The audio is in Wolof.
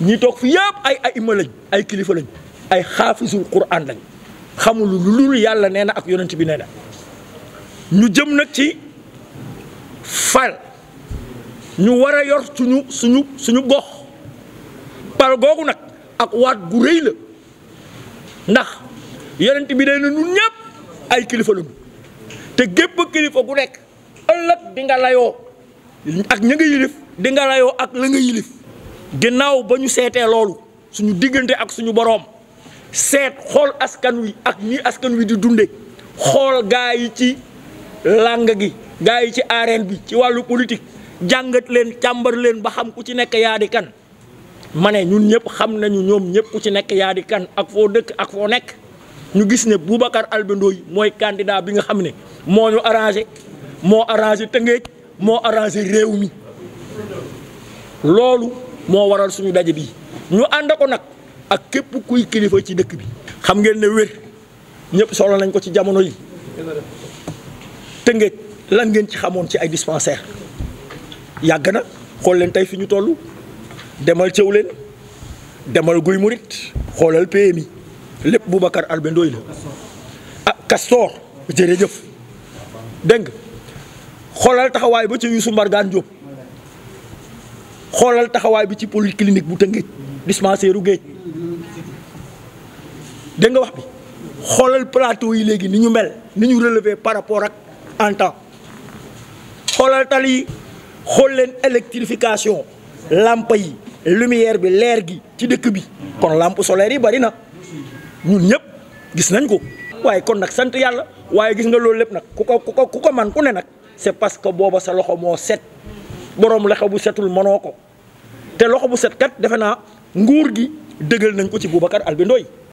ñi tok fi yëpp ay ay ima lañ ay kilifa lañ ay xaafisul quran lañ xamul lu lul yalla neena ak yonent bi neena ñu jëm nak ci fal ñu wara yor suñu suñu suñu gox par googu nak ak wat gu reey la ndax yonent bi neena ñun ñëpp ay kilifa lañu te gep kilifa gu nek ëlëk di nga layo ak ña yilif di nga layo ak la nga yilif ginnaaw ba ñu seetee loolu suñu diggante ak suñu boroom seet xool askan wi ak ñi askan wi di dunde xool gaa yi ci làng gi gaa yi ci arène bi ci wàllu politique jàngat leen càmbar leen ba xam ku ci nekk yaa di kan ma ne ñun ñëpp xam nañu ñoom ñëpp ku ci nekk yaa di kan ak foo dëkk ak foo nekk ñu gis ne Boubacar Alba mooy candidat bi nga xam ne moo ñu arrangé moo arrangé Tëngéej moo arrangé réew mi loolu moo waral suñu daje bi ñu ànd ko nag ak képp kuy kilifa ci dëkk bi. xam ngeen ne wér ñëpp soxla nañ ko ci jamono yi tëngéej lan ngeen ci xamoon ci ay dispensaire yàgg na xool leen tey fi ñu toll demal cëw leen demal guy murit xoolal PMI lépp Boubacar Albé Ndoye la ah Castor jërëjëf dégg nga xoolal taxawaay ba ci Youssou Mbargane Diop xolal taxaway bi ci polyclinique bu Tëngéej dispensaire u de nga wax bi xolal plateau yi legui niñu mel niñu relever par rapport ak en temps xolal tali xol len électrification lampe yi lumière bi leer gi ci dëkk bi kon lampe solaire yi bari na ñun ñëpp gis nañ ko waye kon nak sante yalla waye gis nga loolu lepp nak kuko kuko kuko man ku ne nak c'est parce que bobo sa loxo mo set borom la xabu setul monoko te loxo bu set kat defe naa nguur gi dëgël nañ ko ci Boubacar Albi Ndoye